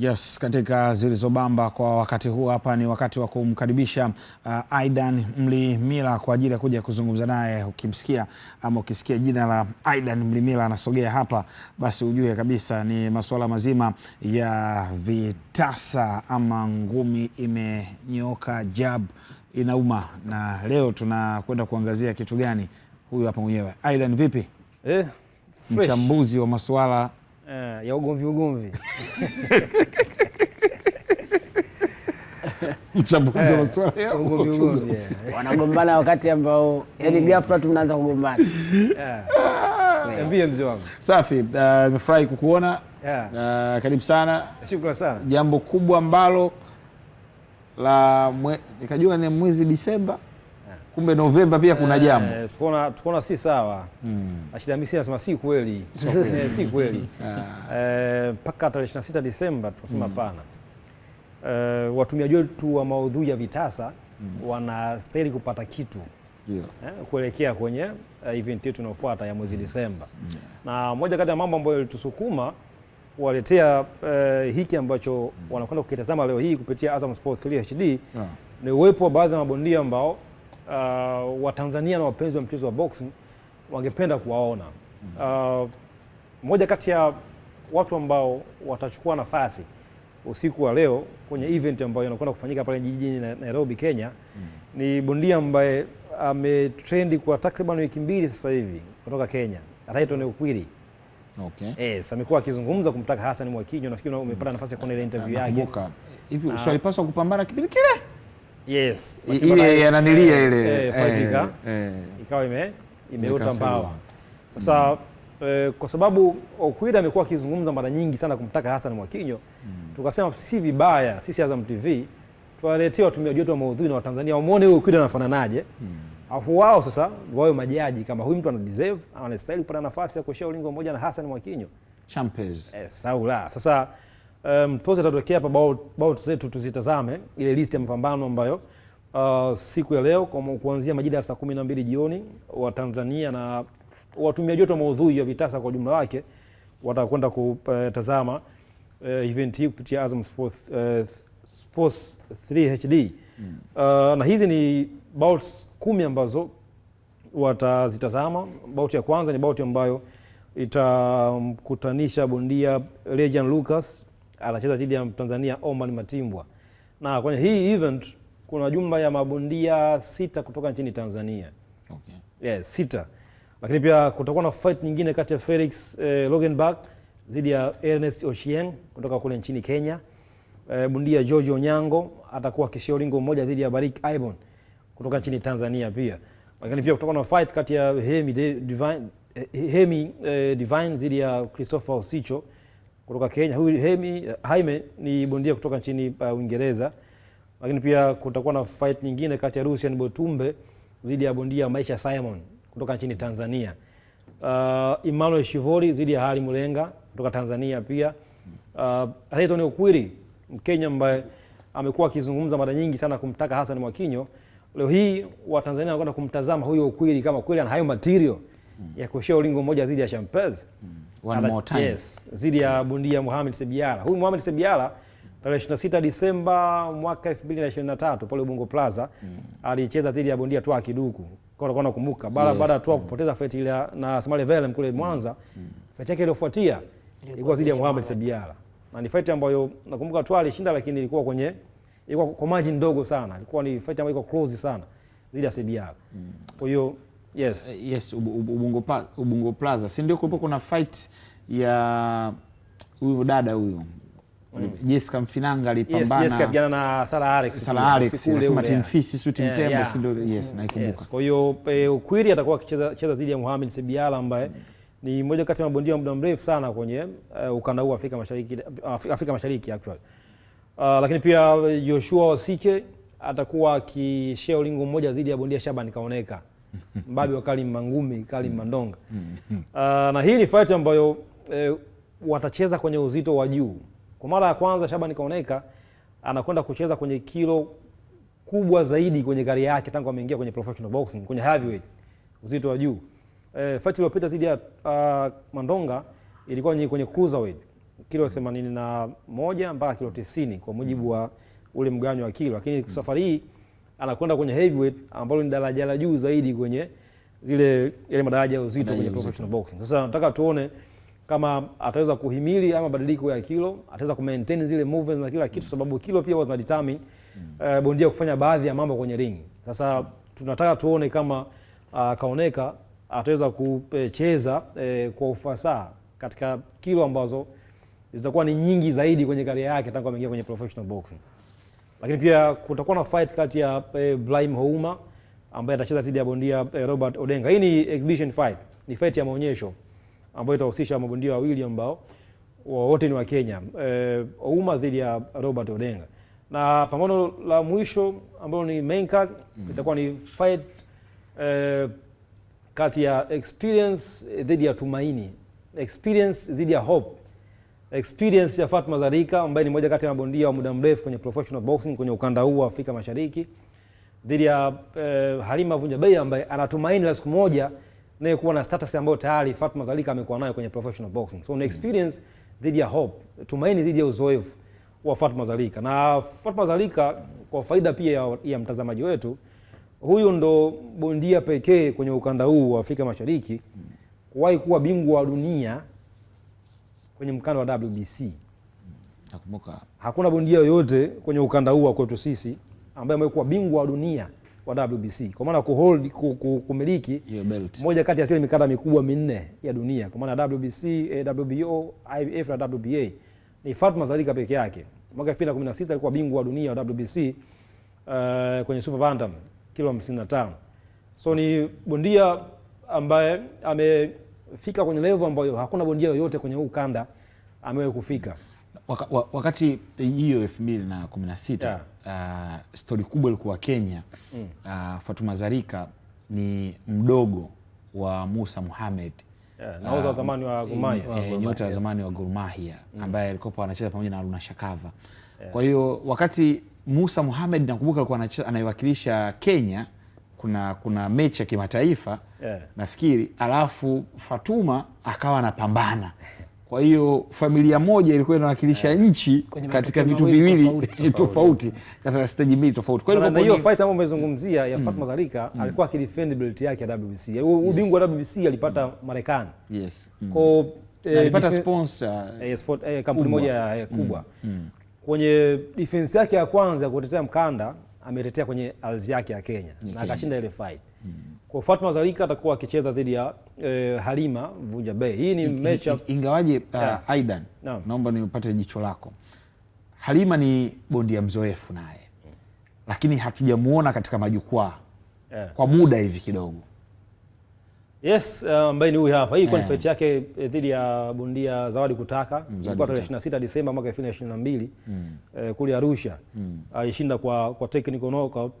Yes, katika Zilizobamba kwa wakati huu hapa ni wakati wa kumkaribisha uh, Aidan Mlimila kwa ajili ya kuja kuzungumza naye. Ukimsikia ama ukisikia jina la Aidan Mlimila anasogea hapa, basi ujue kabisa ni masuala mazima ya vitasa ama ngumi imenyoka jab inauma, na leo tunakwenda kuangazia kitu gani? Huyu hapa mwenyewe Aidan, vipi eh, mchambuzi wa masuala uh, ya ugomvi ugomvi mchambuzi wa eh, masuala ya ugomvi ugomvi, wanagombana wakati ambao yani mm. ghafla tu mnaanza kugombana. Eh, mzee wangu. Safi, nimefurahi uh, kukuona yeah. Uh, karibu sana. Shukrani sana. Jambo kubwa ambalo la nikajua ni mwezi Disemba kumbe Novemba pia kuna eh, jambo eh, tukona, tukona si sawa mm. Ashida Misi anasema si kweli si kweli ah. eh, mpaka eh, tarehe 26 Disemba tunasema hmm. hapana mm. Eh, watumiaji wetu wa maudhui ya vitasa mm. wanastahili kupata kitu yeah. e, kuelekea kwenye uh, event yetu inayofuata ya mwezi mm. Disemba yeah. na moja kati ya mambo ambayo yalitusukuma waletea uh, hiki ambacho mm. wanakwenda kukitazama leo hii kupitia Azam Sports 3 HD yeah. ni uwepo wa baadhi ya mabondia ambao uh, Watanzania na wapenzi wa mchezo wa boxing wangependa kuwaona. Uh, moja kati ya watu ambao watachukua nafasi usiku wa leo kwenye event ambayo inakwenda kufanyika pale jijini Nairobi, Kenya mm. ni bondia ambaye ametrendi kwa takriban wiki mbili sasa hivi kutoka Kenya, anaitwa Neokwiri. Okay. Yes, amekuwa akizungumza kumtaka Hassan Mwakinyo, nafikiri umepata nafasi ya kuona ile interview yake. Hivi, ah. si alipaswa kupambana kipindi kile? Yes. Ile yananilia eh, ile. Eh, eh, Fatika. Ikawa ime imeota mbawa. Sasa mm. kwa sababu Okwiri amekuwa akizungumza mara nyingi sana kumtaka Hassan Mwakinyo mm. tukasema si vibaya sisi Azam TV tuwaletee watumiaji wetu wa maudhui na Watanzania wamuone huyu Okwiri anafananaje. Mm. Afu wao sasa wawe majaji kama huyu mtu ana deserve anastahili kupata nafasi ya kushare ulingo mmoja na Hassan Mwakinyo. Champers. Eh, sawa. Sasa Mtozi um, atatokea hapa bao zetu tuzitazame ile listi ya mapambano ambayo uh, siku ya leo kuanzia majira ya saa kumi na mbili jioni wa Tanzania na watumiaji wote wa maudhui ya vitasa kwa ujumla wake watakwenda kutazama uh, event hii kupitia Azam Sports, uh, Sports 3 HD mm. Uh, na hizi ni bouts kumi ambazo watazitazama. Bout ya kwanza ni bout ambayo itamkutanisha bondia Lejan Lucas anacheza dhidi ya Tanzania Oman Matimbwa. Na kwenye hii event kuna jumla ya mabondia sita kutoka nchini Tanzania. Okay. Yes, sita. Lakini pia kutakuwa na fight nyingine kati ya Felix eh, Logenberg dhidi ya Ernest Ochieng kutoka kule nchini Kenya. Eh, bondia George Onyango atakuwa kishia ulingo mmoja dhidi ya Barik Ibon kutoka nchini Tanzania pia. Lakini pia kutakuwa na fight kati ya Hemi Divine eh, Hemi eh, Divine dhidi ya Christopher Osicho kutoka Kenya. Huyu Hemi Haime ni bondia kutoka nchini uh, Uingereza. Lakini pia kutakuwa na fight nyingine kati ya Lucian Botumbe dhidi ya bondia Maisha Simon kutoka nchini Tanzania. Uh, Emmanuel Shivori dhidi ya Hali Mulenga kutoka Tanzania pia. Uh, Rayton Okwiri Mkenya ambaye amekuwa akizungumza mara nyingi sana kumtaka Hassan Mwakinyo. Leo hii Watanzania wanakwenda kumtazama huyo Okwiri kama kweli ana hayo material ya kushia ulingo mmoja dhidi ya Champez. Hmm one ah, more time. Yes, zidi ya bondia Mohamed Sebiala. Huyu Mohamed Sebiala tarehe 26 Disemba mwaka 2023 pale Ubungo Plaza mm. alicheza dhidi ya bondia Twaha Kiduku. Kwa hiyo nakumbuka baada baada yes. Twaha mm. kupoteza fight ile na Samale Velem kule Mwanza mm. mm. fight yake iliyofuatia ilikuwa dhidi ya Mohamed Sebiala. Na ni fight ambayo nakumbuka Twaha alishinda, lakini ilikuwa kwenye ilikuwa kwa margin ndogo sana. Ilikuwa ni fight ambayo iko close sana dhidi ya Sebiala. Mm. Kwa hiyo Yes. Uh, yes, Ubungo, Ubungo Plaza si ndio kulipo kuna fight ya huyu dada huyu Mm. Jessica Mfinanga alipambana. Yes, Jessica na Sara Alex. Sara Alex anasema Team Fisi sio Team Tembo si ndio? Yes, mm, naikumbuka. Kwa hiyo eh, Ukwiri atakuwa akicheza cheza dhidi ya Mohamed Sebiala ambaye mm. ni mmoja kati ya mabondia muda mrefu sana kwenye uh, ukanda huu Afrika Mashariki Afrika Afrika Mashariki actually. Uh, lakini pia Joshua Wasike atakuwa akishare ulingo mmoja dhidi ya bondia Shaban Kaoneka. mbabe wa Karim Mangumi, Karim Mandonga. Uh, mm, mm, mm. ah, na hii ni fight ambayo eh, watacheza kwenye uzito wa juu. Kwa mara ya kwanza Shabani Kaoneka anakwenda kucheza kwenye kilo kubwa zaidi kwenye gari yake tangu ameingia kwenye professional boxing kwenye heavyweight uzito wa juu. Eh, fight iliyopita dhidi ya uh, Mandonga ilikuwa ni kwenye cruiserweight kilo 81 mpaka kilo 90 kwa mujibu wa ule mganyo wa kilo, lakini safari hii anakwenda kwenye heavyweight ambalo ni daraja la juu zaidi kwenye zile ile madaraja ya uzito kwenye professional boxing. Sasa nataka tuone kama ataweza kuhimili ama mabadiliko ya kilo, ataweza ku maintain zile movements na kila kitu, mm. sababu kilo pia huwa zina determine uh, mm. eh, bondia kufanya baadhi ya mambo kwenye ring. Sasa tunataka tuone kama uh, kaoneka ataweza kucheza uh, kwa ufasaha katika kilo ambazo zitakuwa ni nyingi zaidi kwenye kariera yake tangu ameingia kwenye professional boxing lakini pia kutakuwa na fight kati ya eh, Brahim Houma ambaye atacheza dhidi ya bondia eh, Robert Odenga. Hii ni exhibition fight, ni fight ya maonyesho ambayo itahusisha mabondia wawili ambao wote ni wa Kenya eh, Ouma dhidi ya Robert Odenga, na pambano la mwisho ambalo ni main card mm -hmm. itakuwa ni fight eh, kati ya experience eh, dhidi ya tumaini, experience dhidi ya hope experience ya Fatma Zarika ambaye ni moja kati ya mabondia wa muda mrefu kwenye professional boxing kwenye ukanda huu wa Afrika Mashariki dhidi ya eh, Halima Vunjabei ambaye anatumaini la siku moja naye kuwa na status ambayo tayari Fatma Zarika amekuwa nayo kwenye professional boxing. So ni experience dhidi ya hope, tumaini dhidi ya uzoefu wa Fatma Zarika. Na Fatma Zarika kwa faida pia ya, ya mtazamaji wetu, huyu ndo bondia pekee kwenye ukanda huu wa Afrika Mashariki kuwahi kuwa bingwa wa dunia kwenye mkanda wa WBC. Nakumbuka hakuna bondia yoyote kwenye ukanda huu wa kwetu sisi ambaye amekuwa bingwa wa dunia wa WBC kwa maana ku hold kumiliki moja kati ya zile mikanda mikubwa minne ya dunia kwa maana WBC, eh, WBO, IBF na WBA ni Fatma Zarika peke yake. Mwaka 2016 alikuwa bingwa wa dunia wa WBC uh, eh, kwenye super bantam kilo 55. So ni bondia ambaye ame amefika kwenye levo ambayo hakuna bondia yoyote kwenye huu kanda amewahi kufika. Waka, wakati hiyo elfu mbili na kumi na sita yeah. uh, stori kubwa ilikuwa Kenya mm. uh, Fatuma Zarika ni mdogo wa Musa Muhamed uh, eh, eh, nyota wa zamani wa gurmahia mm. ambaye alikopa anacheza pamoja na aruna Shakava yeah. kwa hiyo wakati Musa Muhamed nakumbuka alikuwa anaiwakilisha Kenya kuna kuna mechi ya kimataifa yeah. Nafikiri alafu Fatuma akawa anapambana kwa hiyo familia moja ilikuwa inawakilisha yeah. nchi katika vitu viwili tofauti katika steji mbili tofauti. Kwa hiyo fight ambayo umezungumzia ya mm. Fatuma Zarika mm. alikuwa akidefend belt yake ya WBC. Ubingwa yes. wa WBC alipata mm. Marekani. Yes. Mm. Kwa eh, sponsor eh, sport, eh, kampuni moja eh, kubwa. Mm. Mm. Kwenye defense yake ya kwanza ya kutetea mkanda ametetea kwenye ardhi yake ya Kenya yeah, na akashinda ile fight mm. Kwa Fatma Zarika atakuwa akicheza dhidi ya eh, Halima Vunja Bay. Hii ni mecha ingawaje uh, yeah. Aidan no. Naomba niupate jicho lako. Halima ni bondia mzoefu naye, mm. lakini hatujamuona katika majukwaa yeah. Kwa muda hivi kidogo Yes, uh, ambaye um, ni huyu hapa. Hii ilikuwa eh. fight yake eh, dhidi ya bondia Zawadi Kutaka. Ilikuwa tarehe 26 Disemba mwaka 2022 mm. eh, kule Arusha. Mm. Alishinda kwa kwa technical knockout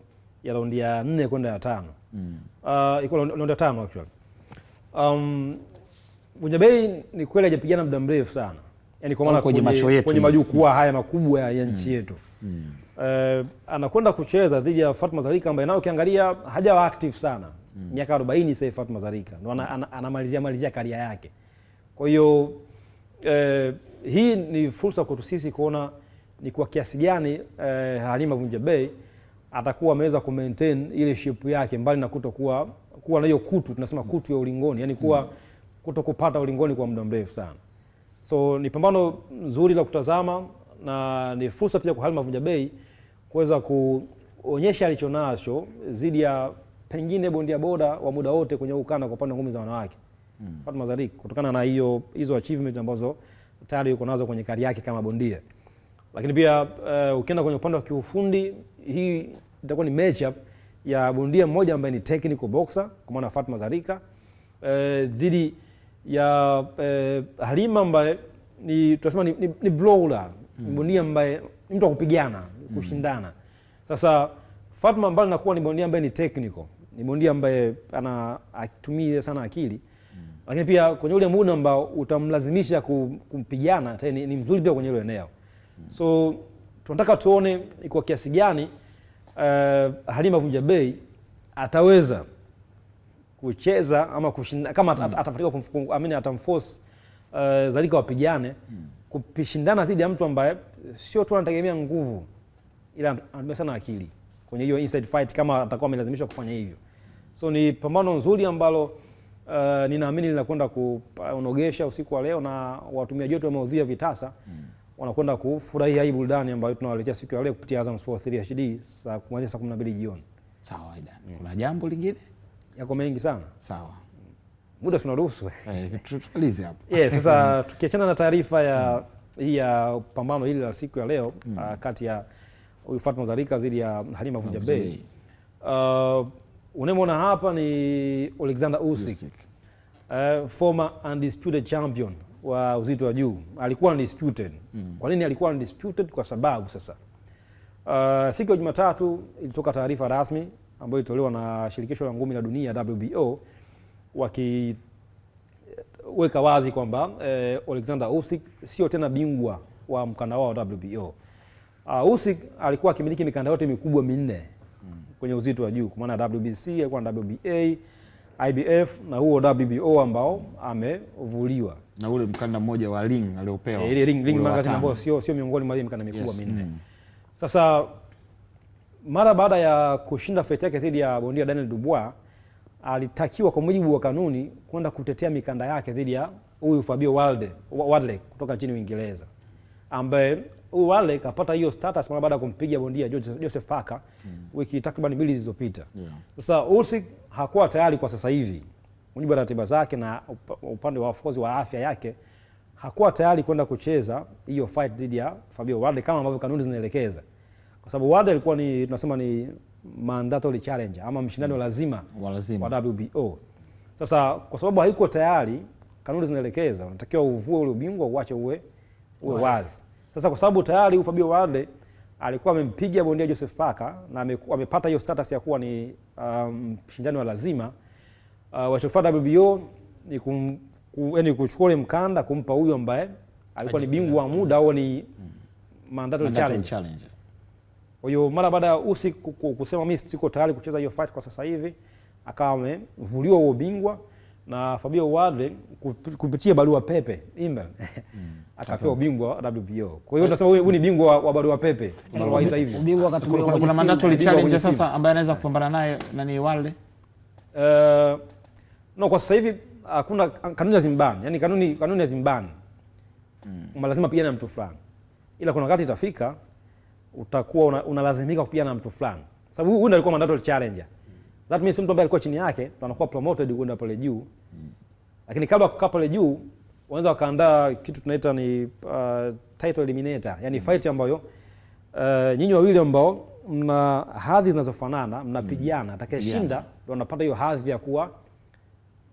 ya raundi ya 4 kwenda ya 5. Mm. uh, ilikuwa raundi ya 5 actually. Um, ni kweli hajapigana muda mrefu sana. Yaani kwa maana kwenye macho yetu. Kwenye majukwaa haya makubwa ya nchi mm. yetu. Mm. Eh, anakwenda kucheza dhidi ya Fatma Zarika ambaye nao ukiangalia hajawa active sana. Mm. miaka 40 sasa Fatuma Zarika ndo anamalizia ana, ana malizia karia yake. Kwa hiyo eh, hii ni fursa kwetu sisi kuona ni kwa kiasi gani eh, Halima Vunja Bei atakuwa ameweza ku maintain ile shape yake mbali na kutokuwa kuwa na hiyo kutu tunasema kutu ya ulingoni, yani kuwa mm. kutokupata ulingoni kwa muda mrefu sana. So ni pambano nzuri la kutazama na ni fursa pia kwa Halima Vunja Bei kuweza kuonyesha alichonacho zidi ya pengine bondia boda wa muda wote kwenye ukanda kwa upande wa ngumi za wanawake mm. Fatma Zarik kutokana na hiyo hizo achievement ambazo tayari yuko nazo kwenye kari yake kama bondia, lakini pia uh, ukienda kwenye upande wa kiufundi, hii itakuwa ni matchup ya bondia mmoja ambaye ni technical boxer kwa maana Fatma Zarika eh, dhidi uh, ya uh, Halima ambaye ni tunasema ni, ni, ni brawler mm. bondia ambaye ni mtu wa kupigana kushindana. mm. Sasa Fatma mbali na kuwa ni bondia ambaye ni technical ni bondia ambaye anatumia sana akili mm. Lakini pia kwenye ule muda ambao utamlazimisha kumpigana ni, ni mzuri pia kwenye ile eneo mm. So tunataka tuone kwa kiasi gani uh, Halima Vunja Bei ataweza kucheza ama kushinda kama mm. atafanikiwa kumfukuamini atamforce uh, Zalika wapigane mm. kupishindana zidi ya mtu ambaye sio tu anategemea nguvu ila anatumia sana akili kwenye hiyo inside fight kama atakuwa amelazimishwa kufanya hivyo. So ni pambano nzuri ambalo uh, ninaamini linakwenda kunogesha usiku wa leo na watumiaji wetu wamehudhuria vitasa mm. wanakwenda kufurahia hii burudani ambayo tunawaletea siku ya leo kupitia Azam Sports 3 HD saa kuanzia saa 12 jioni. Sawa ida. Mm. Kuna jambo lingine? Yako mengi sana. Sawa. Muda tunaruhusu. Eh, tutalize hapo. Yes, sasa hmm. tukiachana na taarifa ya hii ya pambano hili la siku ya leo mm. uh, kati ya huyu Fatma Zarika dhidi ya Halima Vunja Vujabei. Uh, unayemwona hapa ni Alexander Usyk, uh, former undisputed champion wa uzito wa juu, alikuwa undisputed. Mm. Kwa nini alikuwa undisputed? Kwa sababu sasa uh, siku ya Jumatatu ilitoka taarifa rasmi ambayo ilitolewa na shirikisho la ngumi la dunia WBO wakiweka wazi kwamba eh, Alexander Usyk sio tena bingwa wa mkanda wao wa WBO. Uh, Usyk alikuwa akimiliki mikanda yote mikubwa minne kwenye uzito wa juu kwa maana WBC, alikuwa na WBA, IBF na huo WBO ambao amevuliwa na ule mkanda mmoja wa ring aliopewa eh, ile ring ring magazine ambayo sio sio miongoni mwa mikanda mikubwa yes, minne mm. Sasa mara baada ya kushinda fight yake dhidi ya bondia Daniel Dubois alitakiwa kwa mujibu wa kanuni kwenda kutetea mikanda yake dhidi ya huyu Fabio Wilde, Wadley kutoka nchini Uingereza ambaye wale kapata hiyo status mara baada ya kumpiga bondia Joseph Parker mm. wiki takriban mbili zilizopita. Sasa yeah. Usyk hakuwa tayari kwa sasa hivi, mujibu wa ratiba zake na upande wa of course wa afya yake, hakuwa tayari kwenda kucheza hiyo fight dhidi ya Fabio Wardley kama ambavyo kanuni zinaelekeza, kwa sababu Wardley alikuwa ni tunasema ni mandatory challenger ama mshindani mm. lazima wa WBO. Sasa kwa sababu haiko tayari, kanuni zinaelekeza unatakiwa uvue ule ubingwa, uache uwe uwe wazi sasa kwa sababu tayari Fabio Varde alikuwa amempiga bondia Joseph Parker na amepata hiyo status ya kuwa ni mshindani um, wa lazima uh, wachofuata WBO ni kum, ku, yani eh, kuchukua ule mkanda kumpa huyu ambaye alikuwa ni bingwa wa muda au ni mm. mandatory challenge. Kwa hiyo mara baada ya Usyk kusema mimi siko tayari kucheza hiyo fight kwa sasa hivi, akawa amevuliwa huo ubingwa na Fabio Wade kupitia barua pepe email akapewa ubingwa WBO. Kwa hiyo unasema huyu ni bingwa wa barua pepe, unawaita hivyo ubingwa. Katika kuna mandato li challenge sasa ambaye anaweza kupambana naye na ni Wade? Uh, no, kwa sasa hivi hakuna kanuni ya zimbani, yani kanuni kanuni ya zimbani mm, lazima pigana na mtu fulani, ila kuna wakati itafika utakuwa unalazimika una kupigana na mtu fulani, sababu huyu ndio alikuwa mandatory challenger That means mtu ambaye alikuwa chini yake anakuwa promoted kwenda pale juu. Lakini kabla kukaa pale juu wanaweza wakaandaa kitu tunaita ni uh, title eliminator, yani mm. fight ambayo uh, nyinyi wawili ambao mna hadhi zinazofanana mnapigana, mm-hmm. atakayeshinda yeah. ndio anapata hiyo hadhi ya kuwa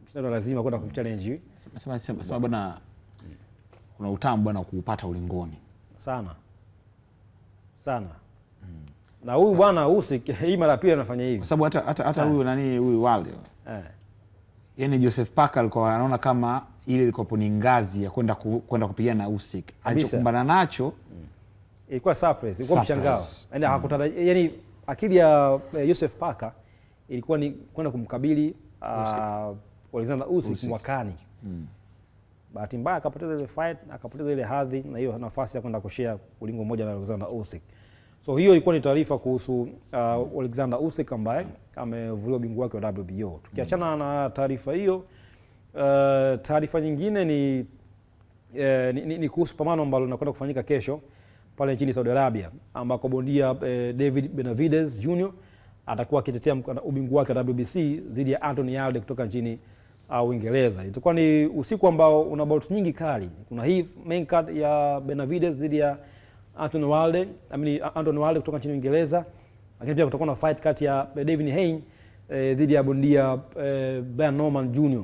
mshindano, lazima kwenda kumchallenge. sema sema bwana, kuna utamu bwana kuupata ulingoni sana sana mm na huyu bwana usi hii mara pili anafanya hivi, kwa sababu hata hata hata eh. huyu nani huyu wale eh, yani Joseph Parker alikuwa anaona kama ile ilikuwa ni ngazi ya kwenda kwenda kupigana na Usyk. Alichokumbana nacho mm. ilikuwa surprise, ilikuwa mshangao yani mm. hakutarajia, yani akili ya eh, Joseph Parker ilikuwa ni kwenda kumkabili uh, Alexander Usyk mwakani. Mm. Bahati mbaya akapoteza ile fight, akapoteza ile hadhi na hiyo nafasi ya kwenda kushare ulingo mmoja na Alexander Usyk. So hiyo ilikuwa ni taarifa kuhusu uh, Alexander Usyk ambaye amevuliwa ubingwa wake wa WBO. Tukiachana na taarifa hiyo, uh, taarifa nyingine ni, eh, ni, ni, ni kuhusu pambano ambalo linakwenda kufanyika kesho pale nchini Saudi Arabia ambako bondia eh, David Benavides Jr atakuwa akitetea ubingwa wake wa WBC dhidi ya Anthony Alde kutoka nchini uh, Uingereza. Uh, itakuwa ni usiku ambao una bout nyingi kali. Kuna hii main card ya Benavides dhidi ya Anton Wilde, I mean Anton Wilde kutoka nchini Uingereza, lakini pia kutakuwa na fight kati ya Devin Haney eh, dhidi ya bondia eh, Brian Norman Jr. Uh,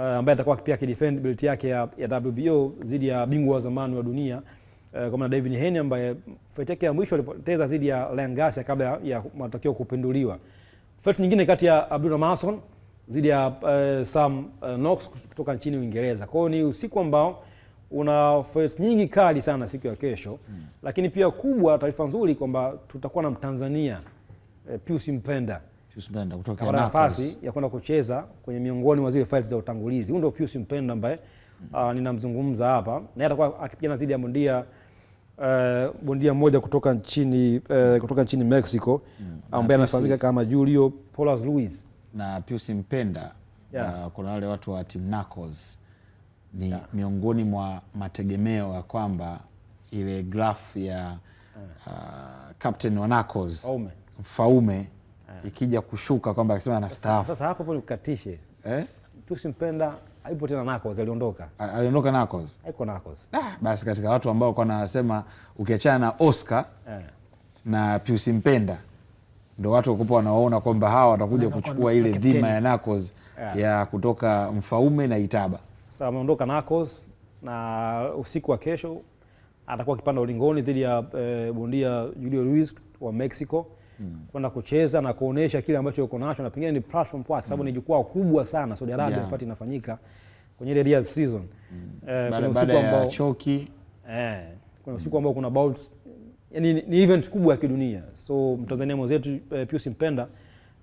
eh, ambaye atakuwa pia akidefend belt yake ya, ya WBO dhidi ya bingwa wa zamani wa dunia uh, eh, kama Devin Haney ambaye fight yake ya mwisho alipoteza dhidi ya Ryan Garcia kabla ya matokeo kupinduliwa. Fight nyingine kati ya Abdullah Mason dhidi ya uh, Sam uh, Knox kutoka nchini Uingereza. Kwa hiyo ni usiku ambao una fights nyingi kali sana siku ya kesho mm. Lakini pia kubwa, taarifa nzuri kwamba tutakuwa na Mtanzania e, Pius Mpenda kwa nafasi ya kwenda kucheza kwenye miongoni mwa zile fights za utangulizi. Huyu ndio Pius Mpenda ambaye mm. Ah, ninamzungumza hapa, naye atakuwa akipigana zidi ya bondia Uh, bondia mmoja kutoka nchini uh, kutoka nchini Mexico mm. ambaye anafahamika kama Julio Polas Luis na Pius Mpenda yeah. Uh, kuna wale watu wa Team Knuckles ni yeah. miongoni mwa mategemeo ya kwamba ile grafu ya uh, Captain Wanacos Mfaume yeah. ikija kushuka kwamba akisema anastaafu. Sasa hapo eh? Tusimpenda Haipo tena aliondoka. Aliondoka Haiko Ah, basi katika watu ambao kwa nasema ukiachana na Oscar yeah. na Pius Mpenda ndo watu wakupa wanaona kwamba hawa watakuja kuchukua ile dhima ya Nacos yeah. ya kutoka Mfaume na Itaba. Sasa ameondoka Nakos na usiku wa kesho atakuwa akipanda ulingoni dhidi ya e, bondia Julio Luis wa Mexico mm. kwenda kucheza na kuonesha kile ambacho yuko nacho na pengine ni platform kwake, sababu mm. ni jukwaa kubwa sana Saudi Arabia yeah. Fati inafanyika kwenye ile Riyadh season mm. Eh, kuna usiku ambao choki eh, kuna usiku mm. ambao kuna bouts yani, ni event kubwa ya kidunia, so Mtanzania mwenzetu eh, Pius Mpenda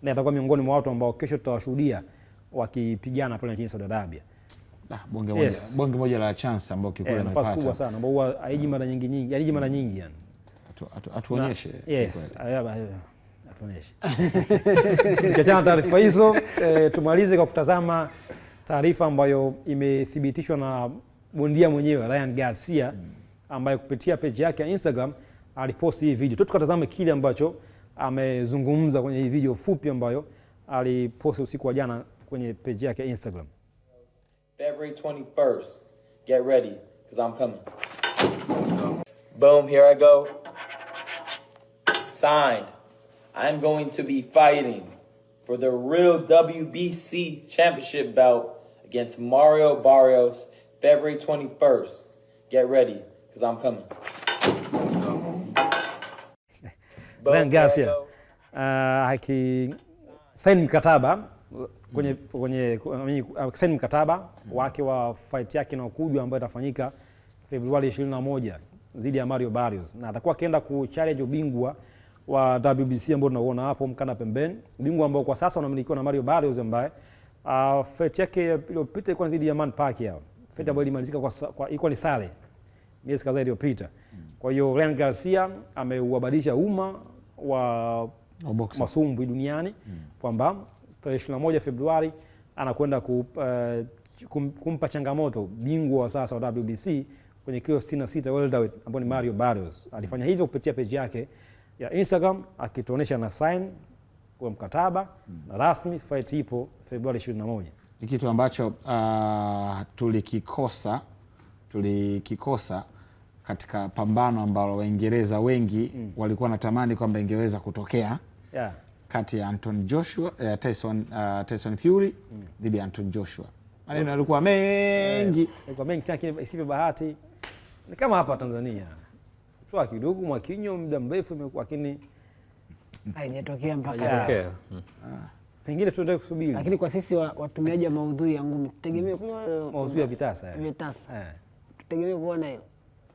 naye atakuwa miongoni mwa watu ambao kesho tutawashuhudia wakipigana pale nchini Saudi Arabia. Ah, bonge moja, yes. Bonge moja la chance ambayo eh, kiukweli anapata. Nafasi kubwa sana ambayo huwa haiji mara nyingi nyingi, haiji mara nyingi yani. Atuonyeshe. Yes. Atuonyeshe. Tukiachana taarifa hizo, e, tumalize kwa kutazama taarifa ambayo imethibitishwa na bondia mwenyewe Ryan Garcia hmm. ambaye kupitia page yake ya Instagram aliposti hii video. Tukatazame kile ambacho amezungumza kwenye hii video fupi ambayo aliposti usiku wa jana kwenye page yake ya Instagram. February 21st. Get ready, because I'm coming. Let's go. Boom, here I go. Signed. I'm going to be fighting for the real WBC championship belt against Mario Barrios February 21st. Get ready, because I'm coming. Let's go. Ben, gracias. Uh, aki saini mkataba kwenye kwenye akisaini mkataba mm. wake wa fight yake na ukujwa ambayo itafanyika Februari 21 dhidi ya Mario Barrios, na atakuwa akienda kuchallenge ubingwa wa WBC ambao tunauona hapo mkanda pembeni, ubingwa ambao kwa sasa unamilikiwa na Mario Barrios ambaye uh, fight yake iliyopita ilikuwa dhidi ya Man Pacquiao, fight mm. ambayo ilimalizika kwa, kwa iko ni sare miezi kadhaa iliyopita. Mm. Kwa hiyo Ryan Garcia ameuhabarisha umma wa masumbwi duniani mm. kwamba tarehe 21 Februari anakwenda ku, uh, kumpa changamoto bingwa wa sasa wa WBC kwenye kilo 66 welterweight ambaye ni Mario Barrios. Alifanya hivyo kupitia peji yake ya Instagram akituonesha na sign kwa mkataba na mm-hmm. rasmi. Fight ipo Februari 21. Ni kitu ambacho uh, tulikikosa tulikikosa katika pambano ambalo Waingereza wengi mm. walikuwa wanatamani kwamba ingeweza kutokea yeah kati ya Anton Joshua, eh, Tyson, uh, Tyson Fury dhidi ya Anton Joshua. Maneno yalikuwa mengi, eh, yalikuwa mengi tena, isivyo bahati. Ni kama hapa Tanzania tu akiduku mwakinyo muda mrefu imekuwa lakini ah, haijatokea mpaka ah. pengine tuendelee kusubiri, lakini kwa sisi watumiaji wa maudhui ya ngumi tutegemee kuona maudhui ya vitasa, eh. vitasa tutegemee kuona hiyo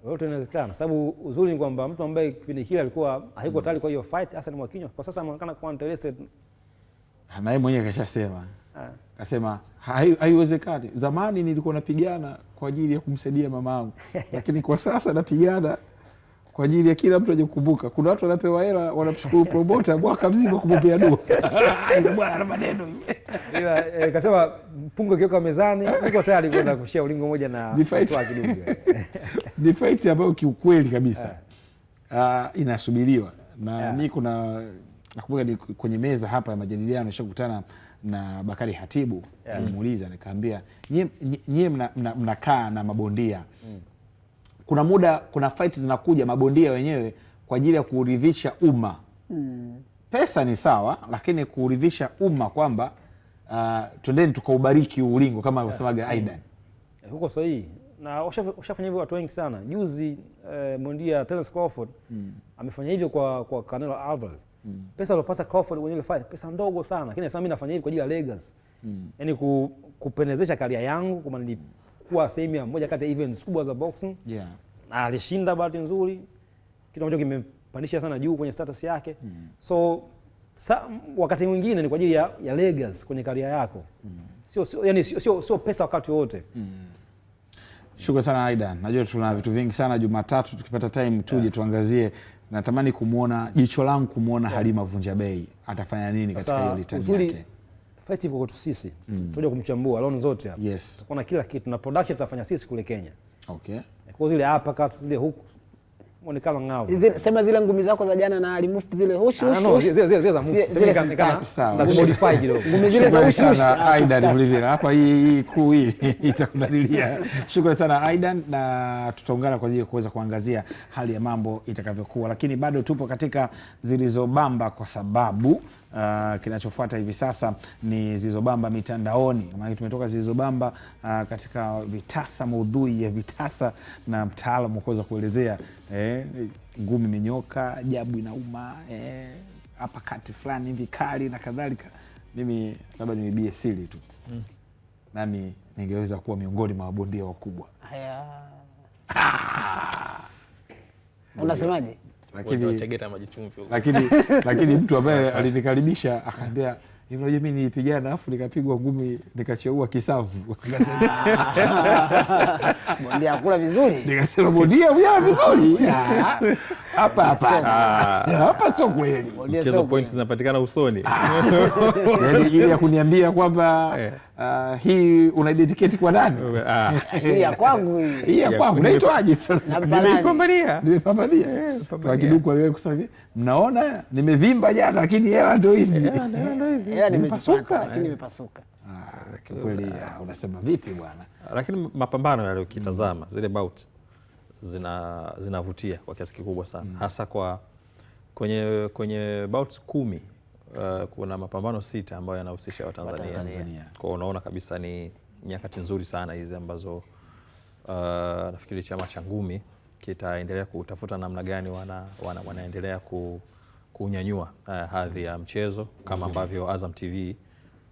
yote inawezekana, sababu uzuri ni kwamba mtu ambaye kipindi kile alikuwa haiko tayari kwa hiyo fight, hasa ni Mwakinyo, kwa sasa anaonekana kuwa interested, ah, na yeye mwenyewe kashasema, akasema ah. haiwezekani. Zamani nilikuwa napigana kwa ajili ya kumsaidia mamaangu, lakini kwa sasa napigana kwa ajili ya kila mtu aje kukumbuka. Kuna watu wanapewa hela wanamshukuru promota mwaka mzima kumwombea dua bwana maneno ila eh, kasema kiweka mezani, niko tayari kwenda kushia ulingo moja na ni fight ni fight ambayo kiukweli kabisa uh, inasubiriwa na yeah. Mi kuna nakumbuka ni kwenye meza hapa ya majadiliano nishakutana na Bakari Hatibu yeah. Nimuuliza nikaambia nyie mnakaa mna, mna na mabondia mm kuna muda kuna fight zinakuja mabondia wenyewe kwa ajili ya kuridhisha umma hmm. Pesa ni sawa, lakini kuridhisha umma kwamba uh, twendeni tukaubariki ulingo kama alivyosemaga yeah. Aidan hmm. huko sahihi na washafanya hivyo watu wengi sana. Juzi eh, mondia Terence Crawford hmm. amefanya hivyo kwa, kwa Canelo Alvarez hmm. pesa alopata Crawford kwenye ile fight pesa ndogo sana, lakini sasa mimi nafanya hivi kwa ajili ya legacy hmm. yani ku, kupendezesha karia yangu kumanilipa mm kuwa sehemu ya moja kati ya events kubwa za boxing yeah. Alishinda bahati nzuri, kitu ambacho kimepandisha sana juu kwenye status yake mm. So sa, wakati mwingine ni kwa ajili ya, ya legacy kwenye karia yako mm. Sio, sio, yani, sio, sio pesa wakati wote mm. Shukran sana Aidan, najua tuna vitu vingi sana. Jumatatu tukipata time tuje yeah. tuangazie. Natamani kumwona jicho langu kumwona yeah. Halima Vunjabei atafanya nini katika hiyo litani yake fight iko kwetu sisi mm. Tuja kumchambua loan zote hapa yes. tukona kila kitu na production tutafanya sisi kule Kenya okay. Eh, kwa zile hapa kati zile huku kama ngao zile, sema zile ngumi zako za jana na alimove zile hoshi ah, hoshi no, zile zile zile za move zile kama na ah. modify kidogo ngumi zile za hoshi hoshi. Aidan Mlivira hapa, hii kuu hii itakudalilia. Shukrani sana Aidan, na tutaungana kwa ajili ya kuweza kuangazia hali ya mambo itakavyokuwa, lakini bado tupo katika zilizobamba kwa sababu Uh, kinachofuata hivi sasa ni Zilizobamba mitandaoni, maana tumetoka Zilizobamba uh, katika vitasa, maudhui ya vitasa na mtaalamu kuweza kuelezea eh, ngumi menyoka, jabu inauma eh, hapa kati fulani hivi kali na kadhalika. Mimi labda nimibie siri tu mm, nami ningeweza kuwa miongoni mwa wabondia wakubwa. Ah! Unasemaje? lakini Tegeta maji chumvi, lakini lakini mtu ambaye alinikaribisha akaambia hivi, unajua mimi nilipigana afu nikapigwa ngumi nikacheua kisavu. Bondia akula vizuri, nikasema bondia huyala vizuri hapa ah. ah. hapa sio kweli. Mchezo point zinapatikana usoni ah. yaani ajili ya kuniambia kwamba uh, hii una unaidedicate kwa nani? hii ya kwangu, hii ya kwangu naitwaje? Sasa nimepambania, nimepambania eh, kwa kiduku aliwahi kusema hivi, mnaona nimevimba jana, lakini hela ndio hizi, eh, hela nimepasuka, lakini nimepasuka Ah, kweli. Unasema vipi bwana? Lakini mapambano yale ukitazama zile bouts zina zinavutia kwa kiasi kikubwa sana mm. hasa kwa kwenye, kwenye bouts kumi uh, kuna mapambano sita ambayo yanahusisha Watanzania Tanzania. Kwa unaona kabisa ni nyakati nzuri sana hizi ambazo uh, nafikiri chama cha ngumi kitaendelea kutafuta namna gani wana, wana, wanaendelea ku, kunyanyua uh, hadhi ya mchezo kama ambavyo Azam TV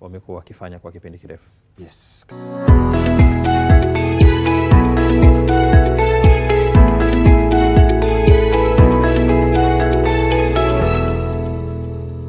wamekuwa wakifanya kwa kipindi kirefu yes.